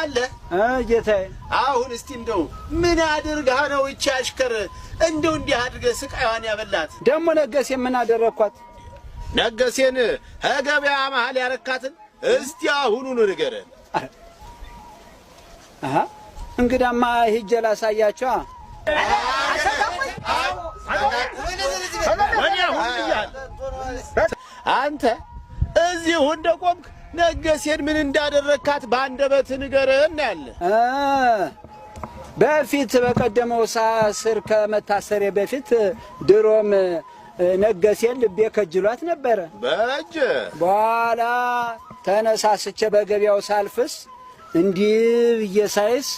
አለ ጌታዬ። አሁን እስቲ እንደው ምን አድርግሃ ነው እቺ አሽከር እንደው እንዲህ አድርገህ ስቃይዋን ያበላት? ደግሞ ነገሴን ምን አደረግኳት? ነገሴን ከገበያ መሀል ያረካትን እስቲ አሁኑኑ ንገረን። እንግዳማ ሂጄ ላሳያቸዋ። አንተ እዚሁ እንደቆምክ ነገሴን ምን እንዳደረግካት በአንደበት ንገር ያለ በፊት በቀደመው ሳስር ከመታሰሬ በፊት ድሮም ነገሴን ልቤ ከጅሏት ነበረ። በእጅ በኋላ ተነሳስቼ በገቢያው ሳልፍስ እንዲህ እየሳይስ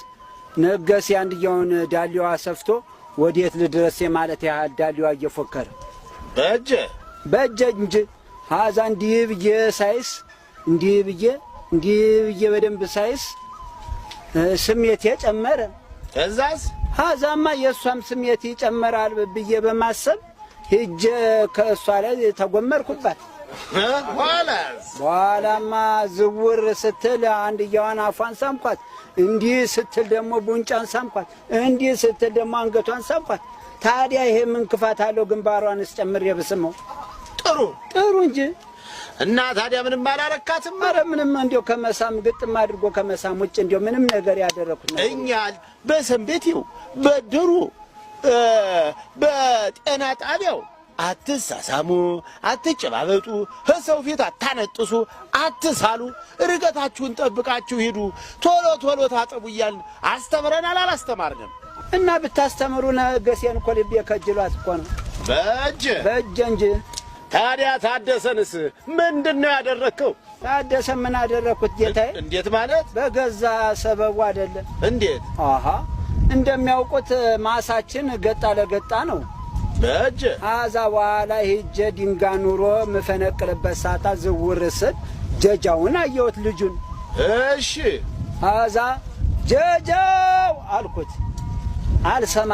ነገሴ አንድያውን ዳሊዋ ሰፍቶ ወዴት ልድረሴ ማለት ያህል ዳሊዋ እየፎከረ በእጀ በእጀ እንጂ ሀዛ እንዲህ ብዬ ሳይስ እንዲህ ብዬ እንዲህ ብዬ በደንብ ሳይስ ስሜቴ ጨመረ። እዛስ ዛማ የእሷም ስሜት ይጨመራል ብዬ በማሰብ ሂጄ ከእሷ ላይ ተጎመርኩባት። በኋላማ ዝውር ስትል አንድያዋን አፏን ሳምኳት። እንዲህ ስትል ደግሞ ቡንጫን ሳምኳት። እንዲህ ስትል ደግሞ አንገቷን ሳምኳት። ታዲያ ይሄ ምን ክፋት አለው? ግንባሯን ስጨምር የብስመው ጥሩ ጥሩ እንጂ እና ታዲያ ምንም አላረካትም? አረ ምንም እንዲያው ከመሳም ግጥም አድርጎ ከመሳም ውጭ እንዲያው ምንም ነገር ያደረኩት ነው። እኛ በሰንቤቴው በድሩ በጤና ጣቢያው አትሳሳሙ፣ አትጨባበጡ፣ ሰው ፊት አታነጥሱ፣ አትሳሉ፣ ርቀታችሁን ጠብቃችሁ ሂዱ፣ ቶሎ ቶሎ ታጠቡ እያልን አስተምረናል። አላስተማርንም እና ብታስተምሩ ነገሴን እኮ ልቤ ከጅሏት እኮ ነው በእጅ በእጅ እንጂ ታዲያ ታደሰንስ ምንድን ነው ያደረግከው? ታደሰ ምን አደረግኩት ጌታዬ? እንዴት ማለት? በገዛ ሰበቡ አይደለም። እንዴት? አሃ እንደሚያውቁት ማሳችን ገጣ ለገጣ ነው። በእጅ አዛ በኋላ ሄጀ ድንጋ ኑሮ የምፈነቅልበት ሳጣ ዝውር ስል ጀጃውን አየሁት ልጁን። እሺ አዛ ጀጃው አልኩት አልሰማ